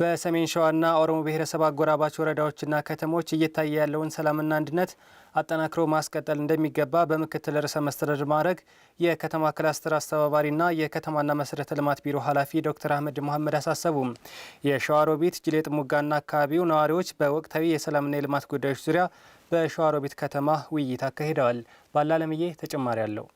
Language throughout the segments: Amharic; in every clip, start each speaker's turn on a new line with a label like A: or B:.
A: በሰሜን ሸዋና ኦሮሞ ብሔረሰብ አጎራባች ወረዳዎችና ከተሞች እየታየ ያለውን ሰላምና አንድነት አጠናክሮ ማስቀጠል እንደሚገባ በምክትል ርዕሰ መስተዳድር ማዕረግ የከተማ ክላስተር አስተባባሪና የከተማና መሰረተ ልማት ቢሮ ኃላፊ ዶክተር አህመድ መሐመድ አሳሰቡም። የሸዋሮቢት ጅሌ ጥሙጋና አካባቢው ነዋሪዎች በወቅታዊ የሰላምና የልማት ጉዳዮች ዙሪያ በሸዋሮቢት ከተማ ውይይት አካሂደዋል። ባላለምዬ ተጨማሪ አለው።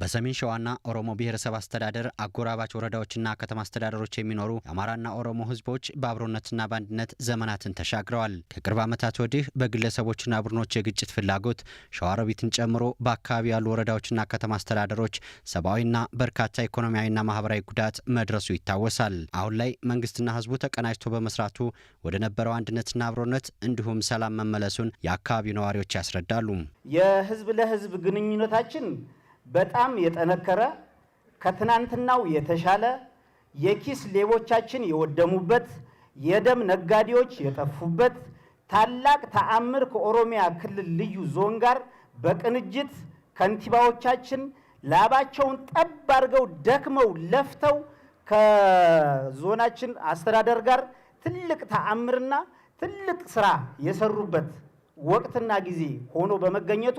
B: በሰሜን ሸዋና ኦሮሞ ብሔረሰብ አስተዳደር አጎራባች ወረዳዎችና ከተማ አስተዳደሮች የሚኖሩ የአማራና ኦሮሞ ሕዝቦች በአብሮነትና በአንድነት ዘመናትን ተሻግረዋል። ከቅርብ ዓመታት ወዲህ በግለሰቦችና ቡድኖች የግጭት ፍላጎት ሸዋሮቢትን ጨምሮ በአካባቢ ያሉ ወረዳዎችና ከተማ አስተዳደሮች ሰብአዊና በርካታ ኢኮኖሚያዊና ማህበራዊ ጉዳት መድረሱ ይታወሳል። አሁን ላይ መንግስትና ሕዝቡ ተቀናጅቶ በመስራቱ ወደ ነበረው አንድነትና አብሮነት እንዲሁም ሰላም መመለሱን የአካባቢው ነዋሪዎች ያስረዳሉ።
C: የህዝብ ለህዝብ ግንኙነታችን በጣም የጠነከረ ከትናንትናው የተሻለ የኪስ ሌቦቻችን የወደሙበት የደም ነጋዴዎች የጠፉበት ታላቅ ተአምር ከኦሮሚያ ክልል ልዩ ዞን ጋር በቅንጅት ከንቲባዎቻችን ላባቸውን ጠብ አድርገው ደክመው ለፍተው ከዞናችን አስተዳደር ጋር ትልቅ ተአምርና ትልቅ ስራ የሰሩበት ወቅትና ጊዜ ሆኖ በመገኘቱ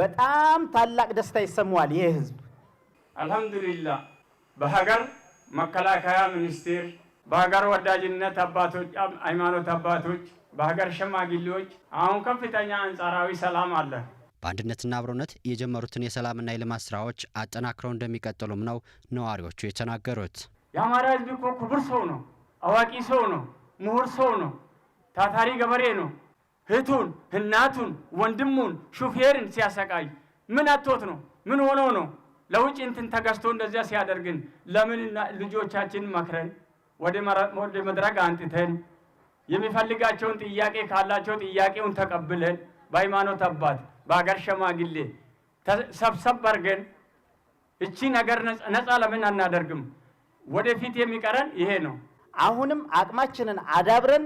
C: በጣም ታላቅ ደስታ ይሰማዋል። ይህ ህዝብ
D: አልሐምዱሊላህ በሀገር መከላከያ ሚኒስቴር፣ በሀገር ወዳጅነት አባቶች፣ ሃይማኖት አባቶች፣ በሀገር ሸማግሌዎች አሁን ከፍተኛ አንጻራዊ ሰላም አለ።
B: በአንድነትና አብሮነት የጀመሩትን የሰላምና የልማት ስራዎች አጠናክረው እንደሚቀጥሉም ነው ነዋሪዎቹ የተናገሩት።
D: የአማራ ህዝብ እኮ ክቡር ሰው ነው፣ አዋቂ ሰው ነው፣ ምሁር ሰው ነው፣ ታታሪ ገበሬ ነው። እህቱን፣ እናቱን፣ ወንድሙን፣ ሹፌርን ሲያሰቃይ ምን አቶት ነው? ምን ሆኖ ነው? ለውጭ እንትን ተገዝቶ እንደዚያ ሲያደርግን ለምን ልጆቻችን መክረን ወደ መድረክ አንጥተን የሚፈልጋቸውን ጥያቄ ካላቸው ጥያቄውን ተቀብለን በሃይማኖት አባት በአገር ሸማግሌ ሰብሰብ አድርገን እቺ ነገር ነፃ ለምን አናደርግም? ወደፊት የሚቀረን ይሄ ነው።
C: አሁንም አቅማችንን አዳብረን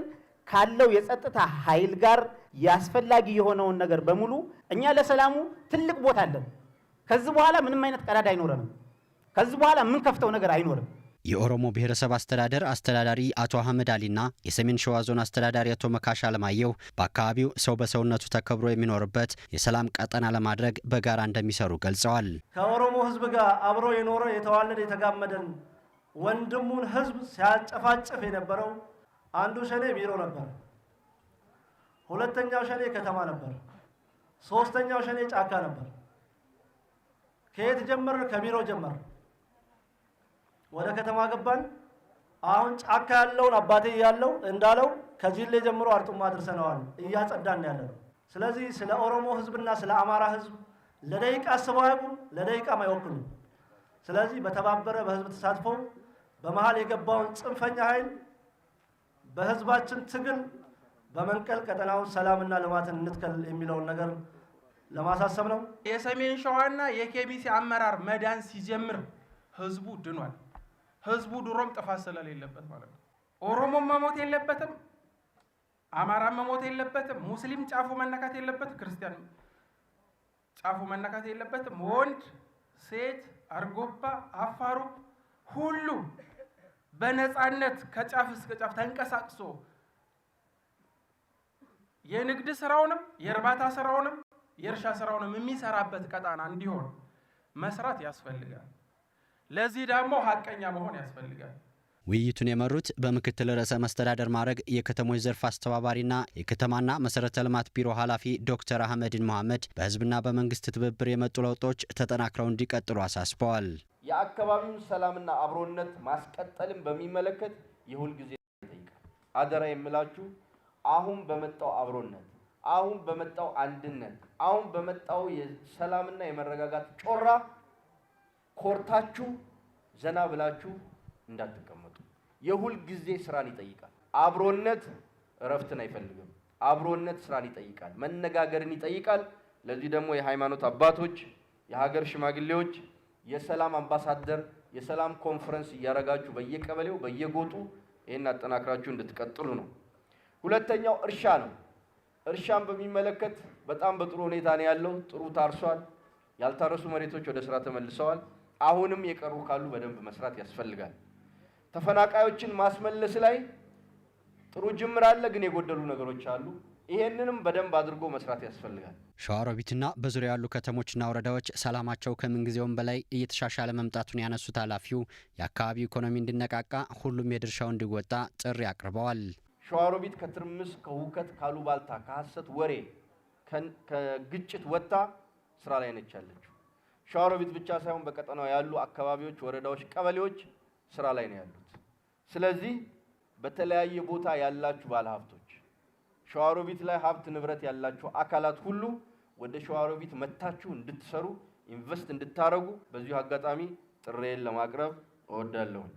C: ካለው የጸጥታ ኃይል ጋር ያስፈላጊ የሆነውን ነገር በሙሉ እኛ ለሰላሙ ትልቅ ቦታ አለን። ከዚህ በኋላ ምንም አይነት ቀዳዳ አይኖረንም። ከዚህ በኋላ የምንከፍተው ነገር አይኖርም።
B: የኦሮሞ ብሔረሰብ አስተዳደር አስተዳዳሪ አቶ አህመድ አሊና የሰሜን ሸዋ ዞን አስተዳዳሪ አቶ መካሽ አለማየሁ በአካባቢው ሰው በሰውነቱ ተከብሮ የሚኖርበት የሰላም ቀጠና ለማድረግ በጋራ እንደሚሰሩ ገልጸዋል።
C: ከኦሮሞ ሕዝብ ጋር አብሮ የኖረ የተዋለደ የተጋመደን ወንድሙን ሕዝብ ሲያጨፋጭፍ የነበረው አንዱ ሸኔ ቢሮ ነበር። ሁለተኛው ሸኔ ከተማ ነበር። ሶስተኛው ሸኔ ጫካ ነበር። ከየት ጀመር? ከቢሮ ጀመር። ወደ ከተማ ገባን። አሁን ጫካ ያለውን አባቴ ያለው እንዳለው ከጅሌ ጀምሮ አርጡማ አድርሰነዋል። እያጸዳን ያለ ነው። ስለዚህ ስለ ኦሮሞ ህዝብና ስለ አማራ ህዝብ ለደቂቃ አስበው ለደቂቃ ለደቂቃም አይወክሉም። ስለዚህ በተባበረ በህዝብ ተሳትፎ በመሀል የገባውን ጽንፈኛ ኃይል በህዝባችን ትግል በመንቀል ቀጠናው ሰላምና ልማትን እንትከል የሚለውን ነገር ለማሳሰብ ነው።
D: የሰሜን ሸዋና የኬሚሴ አመራር መዳን ሲጀምር ህዝቡ ድኗል። ህዝቡ ድሮም ጥፋት ስለሌለበት ማለት ነው። ኦሮሞም መሞት የለበትም፣ አማራም መሞት የለበትም፣ ሙስሊም ጫፉ መነካት የለበትም፣ ክርስቲያን ጫፉ መነካት የለበትም። ወንድ፣ ሴት፣ አርጎባ፣ አፋሩ ሁሉ በነፃነት ከጫፍ እስከ ጫፍ ተንቀሳቅሶ የንግድ ስራውንም የእርባታ ስራውንም የእርሻ ስራውንም የሚሰራበት ቀጣና እንዲሆን መስራት ያስፈልጋል። ለዚህ ደግሞ ሀቀኛ መሆን ያስፈልጋል።
B: ውይይቱን የመሩት በምክትል ርዕሰ መስተዳደር ማዕረግ የከተሞች ዘርፍ አስተባባሪና የከተማና መሰረተ ልማት ቢሮ ኃላፊ ዶክተር አህመድን መሐመድ በህዝብና በመንግስት ትብብር የመጡ ለውጦች ተጠናክረው እንዲቀጥሉ አሳስበዋል።
C: የአካባቢውን ሰላምና አብሮነት ማስቀጠልን በሚመለከት የሁልጊዜ ይጠይቃል። አደራ የምላችሁ አሁን በመጣው አብሮነት፣ አሁን በመጣው አንድነት፣ አሁን በመጣው የሰላምና የመረጋጋት ጮራ ኮርታችሁ ዘና ብላችሁ እንዳትቀመጡ። የሁል ጊዜ ስራን ይጠይቃል። አብሮነት እረፍትን አይፈልግም። አብሮነት ስራን ይጠይቃል፣ መነጋገርን ይጠይቃል። ለዚህ ደግሞ የሃይማኖት አባቶች፣ የሀገር ሽማግሌዎች፣ የሰላም አምባሳደር፣ የሰላም ኮንፈረንስ እያደረጋችሁ በየቀበሌው በየጎጡ ይህን አጠናክራችሁ እንድትቀጥሉ ነው። ሁለተኛው እርሻ ነው። እርሻን በሚመለከት በጣም በጥሩ ሁኔታ ነው ያለው። ጥሩ ታርሷል። ያልታረሱ መሬቶች ወደ ስራ ተመልሰዋል። አሁንም የቀሩ ካሉ በደንብ መስራት ያስፈልጋል። ተፈናቃዮችን ማስመለስ ላይ ጥሩ ጅምር አለ፣ ግን የጎደሉ ነገሮች አሉ። ይሄንንም በደንብ አድርጎ መስራት ያስፈልጋል።
B: ሸዋሮቢትና በዙሪያ ያሉ ከተሞችና ወረዳዎች ሰላማቸው ከምንጊዜውም በላይ እየተሻሻለ መምጣቱን ያነሱት ኃላፊው የአካባቢው ኢኮኖሚ እንዲነቃቃ ሁሉም የድርሻው እንዲወጣ ጥሪ አቅርበዋል።
C: ሸዋሮቢት ከትርምስ፣ ከሁከት፣ ካሉባልታ፣ ከሐሰት ወሬ፣ ከግጭት ወጥታ ስራ ላይ ነች ያለችው። ሸዋሮቢት ብቻ ሳይሆን በቀጠናው ያሉ አካባቢዎች፣ ወረዳዎች፣ ቀበሌዎች ስራ ላይ ነው ያሉት። ስለዚህ በተለያየ ቦታ ያላችሁ ባለሀብቶች ሸዋሮቢት ላይ ሀብት ንብረት ያላችሁ አካላት ሁሉ ወደ ሸዋሮቢት መጥታችሁ እንድትሰሩ ኢንቨስት እንድታደርጉ በዚሁ አጋጣሚ ጥሬን ለማቅረብ እወዳለሁኝ።